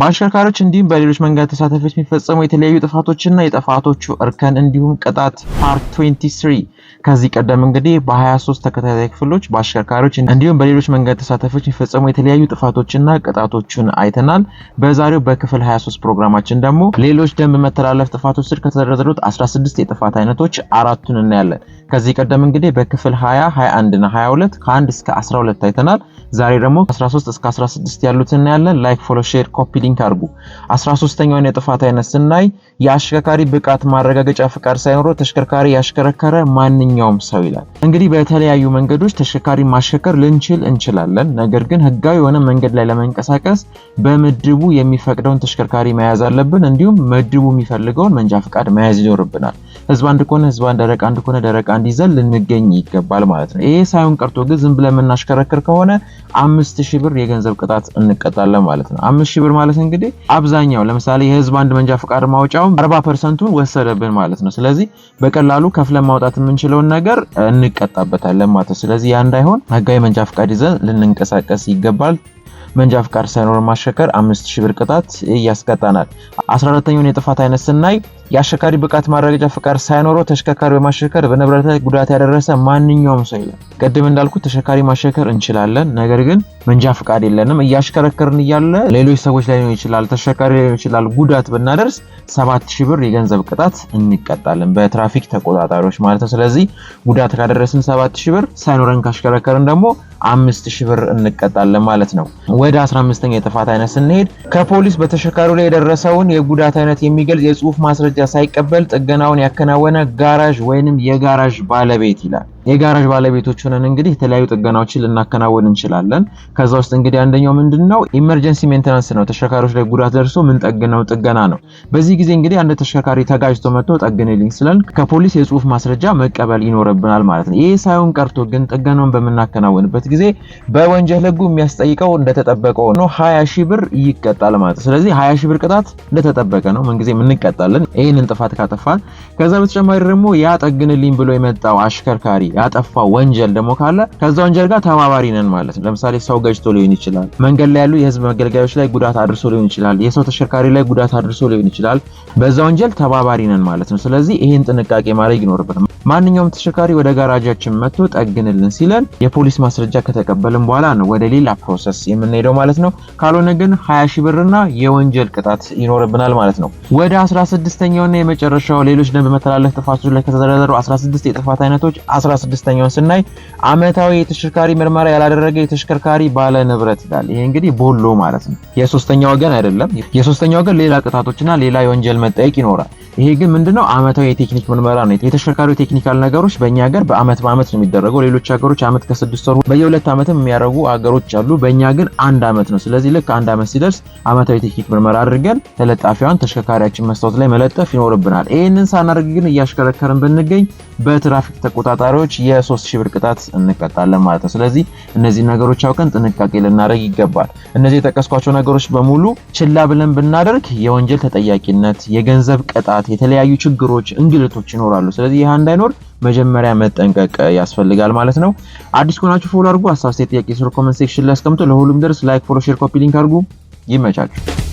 በአሽከርካሪዎች እንዲሁም በሌሎች መንገድ ተሳታፊዎች የሚፈጸሙ የተለያዩ ጥፋቶችና የጥፋቶቹ እርከን እንዲሁም ቅጣት ፓርት 23 ከዚህ ቀደም እንግዲህ በ23 ተከታታይ ክፍሎች በአሽከርካሪዎች እንዲሁም በሌሎች መንገድ ተሳታፊዎች የሚፈጸሙ የተለያዩ ጥፋቶችና ቅጣቶቹን አይተናል። በዛሬው በክፍል 23 ፕሮግራማችን ደግሞ ሌሎች ደንብ መተላለፍ ጥፋቶች ስር ከተዘረዘሩት 16 የጥፋት አይነቶች አራቱን እናያለን። ከዚህ ቀደም እንግዲህ በክፍል 20፣ 21 እና 22 ከ1 እስከ 12 ታይተናል። ዛሬ ደግሞ 13 እስከ 16 ያሉት እናያለን። ላይክ፣ ፎሎ፣ ሼር፣ ኮፒ ሊንክ አድርጉ። 13ኛውን የጥፋት አይነት ስናይ የአሽከርካሪ ብቃት ማረጋገጫ ፍቃድ ሳይኖረው ተሽከርካሪ ያሽከረከረ ማንኛውም ሰው ይላል። እንግዲህ በተለያዩ መንገዶች ተሽከርካሪ ማሽከርከር ልንችል እንችላለን። ነገር ግን ህጋዊ የሆነ መንገድ ላይ ለመንቀሳቀስ በምድቡ የሚፈቅደውን ተሽከርካሪ መያዝ አለብን። እንዲሁም ምድቡ የሚፈልገውን መንጃ ፍቃድ መያዝ ይኖርብናል። ህዝብ አንድ ከሆነ ህዝብ አንድ፣ ደረቅ አንድ ከሆነ ደረቅ አንድ ይዘን ልንገኝ ይገባል ማለት ነው። ይሄ ሳይሆን ቀርቶ ግን ዝም ብለን የምናሽከረክር ከሆነ አምስት ሺህ ብር የገንዘብ ቅጣት እንቀጣለን ማለት ነው። አምስት ሺህ ብር ማለት እንግዲህ አብዛኛው ለምሳሌ የህዝብ አንድ መንጃ ፍቃድ ማውጫው አሁን አርባ ፐርሰንቱን ወሰደብን ማለት ነው። ስለዚህ በቀላሉ ከፍለን ማውጣት የምንችለውን ነገር እንቀጣበታለን ማለት ነው። ስለዚህ ያ እንዳይሆን ህጋዊ መንጃ ፍቃድ ይዘን ልንንቀሳቀስ ይገባል። መንጃ ፍቃድ ሳይኖር ማሸከር አምስት ሺህ ብር ቅጣት ያስቀጣናል። አስራ አራተኛውን የጥፋት አይነት ስናይ የአሽከርካሪ ብቃት ማረጋገጫ ፍቃድ ሳይኖረው ተሽከርካሪ በማሽከርከር በንብረት ላይ ጉዳት ያደረሰ ማንኛውም ሰው የለም። ቅድም እንዳልኩት ተሽከርካሪ ማሽከርከር እንችላለን፣ ነገር ግን መንጃ ፍቃድ የለንም። እያሽከረከርን እያለ ሌሎች ሰዎች ላይ ሊሆን ይችላል፣ ተሽከርካሪ ላይ ሊሆን ይችላል፣ ጉዳት ብናደርስ ሰባት ሺህ ብር የገንዘብ ቅጣት እንቀጣለን፣ በትራፊክ ተቆጣጣሪዎች ማለት ነው። ስለዚህ ጉዳት ካደረስን ሰባት ብር፣ ሳይኖረን ካሽከረከርን ደግሞ አምስት ሺህ ብር እንቀጣለን ማለት ነው። ወደ 15ኛ የጥፋት አይነት ስንሄድ ከፖሊስ በተሸካሪው ላይ የደረሰውን የጉዳት አይነት የሚገልጽ የጽሁፍ ማስረጃ መረጃ ሳይቀበል ጥገናውን ያከናወነ ጋራዥ ወይንም የጋራዥ ባለቤት ይላል። የጋራዥ ባለቤቶች ሆነን እንግዲህ የተለያዩ ጥገናዎችን ልናከናወን እንችላለን። ከዛ ውስጥ እንግዲህ አንደኛው ምንድን ነው ኢመርጀንሲ ሜንተናንስ ነው። ተሽከርካሪዎች ላይ ጉዳት ደርሶ ምን ጠግነው ጥገና ነው። በዚህ ጊዜ እንግዲህ አንድ ተሽከርካሪ ተጋጅቶ መጥቶ ጠግንልኝ ስለን ከፖሊስ የጽሁፍ ማስረጃ መቀበል ይኖርብናል ማለት ነው። ይህ ሳይሆን ቀርቶ ግን ጥገናውን በምናከናወንበት ጊዜ በወንጀል ህጉ የሚያስጠይቀው እንደተጠበቀው ነው፣ ሀያ ሺህ ብር ይቀጣል ማለት ነው። ስለዚህ ሀያ ሺህ ብር ቅጣት እንደተጠበቀ ነው። ምንጊዜ እንቀጣለን ይህንን ጥፋት ካጠፋን። ከዛ በተጨማሪ ደግሞ ያ ጠግንልኝ ብሎ የመጣው አሽከርካሪ ያጠፋው ወንጀል ደግሞ ካለ ከዛ ወንጀል ጋር ተባባሪ ነን ማለት ነው። ለምሳሌ ሰው ገጭቶ ሊሆን ይችላል። መንገድ ላይ ያሉ የህዝብ መገልገያዎች ላይ ጉዳት አድርሶ ሊሆን ይችላል። የሰው ተሽከርካሪ ላይ ጉዳት አድርሶ ሊሆን ይችላል። በዛ ወንጀል ተባባሪ ነን ማለት ነው። ስለዚህ ይህን ጥንቃቄ ማድረግ ይኖርበት። ማንኛውም ተሽከርካሪ ወደ ጋራጃችን መጥቶ ጠግንልን ሲለን የፖሊስ ማስረጃ ከተቀበልን በኋላ ነው ወደ ሌላ ፕሮሰስ የምንሄደው ማለት ነው። ካልሆነ ግን ሀያ ሺህ ብርና የወንጀል ቅጣት ይኖርብናል ማለት ነው። ወደ 16ኛውና የመጨረሻው ሌሎች ደንብ መተላለፍ ጥፋቶች ላይ ከተዘረዘሩ 16 የጥፋት አይነቶች 16 ስድስተኛውን ስናይ አመታዊ የተሽከርካሪ ምርመራ ያላደረገ የተሽከርካሪ ባለ ንብረት ይላል። ይሄ እንግዲህ ቦሎ ማለት ነው። የሶስተኛ ወገን አይደለም። የሶስተኛ ወገን ሌላ ቅጣቶችና ሌላ የወንጀል መጠየቅ ይኖራል። ይሄ ግን ምንድነው? አመታዊ የቴክኒክ ምርመራ ነው። የተሽከርካሪ ቴክኒካል ነገሮች በእኛ ሀገር በአመት በአመት ነው የሚደረገው። ሌሎች ሀገሮች አመት ከስድስት ወር በየሁለት አመትም የሚያደርጉ ሀገሮች አሉ። በእኛ ግን አንድ አመት ነው። ስለዚህ ልክ አንድ አመት ሲደርስ አመታዊ ቴክኒክ ምርመራ አድርገን ተለጣፊዋን ተሽከርካሪያችን መስታወት ላይ መለጠፍ ይኖርብናል። ይህንን ሳናደርግ ግን እያሽከረከርን ብንገኝ በትራፊክ ተቆጣጣሪዎች የ3000 ብር ቅጣት እንቀጣለን ማለት ነው። ስለዚህ እነዚህ ነገሮች አውቀን ጥንቃቄ ልናደርግ ይገባል። እነዚህ የጠቀስኳቸው ነገሮች በሙሉ ችላ ብለን ብናደርግ የወንጀል ተጠያቂነት፣ የገንዘብ ቅጣት፣ የተለያዩ ችግሮች፣ እንግልቶች ይኖራሉ። ስለዚህ ይህ እንዳይኖር መጀመሪያ መጠንቀቅ ያስፈልጋል ማለት ነው። አዲስ ከሆናችሁ ፎሎ አድርጉ። አሳስቴ ጥያቄ ስር ኮመንት ሴክሽን ላይ አስቀምጡ። ለሁሉም ደርስ ላይክ፣ ፎሎ፣ ሼር፣ ኮፒ ሊንክ አድርጉ። ይመቻችሁ።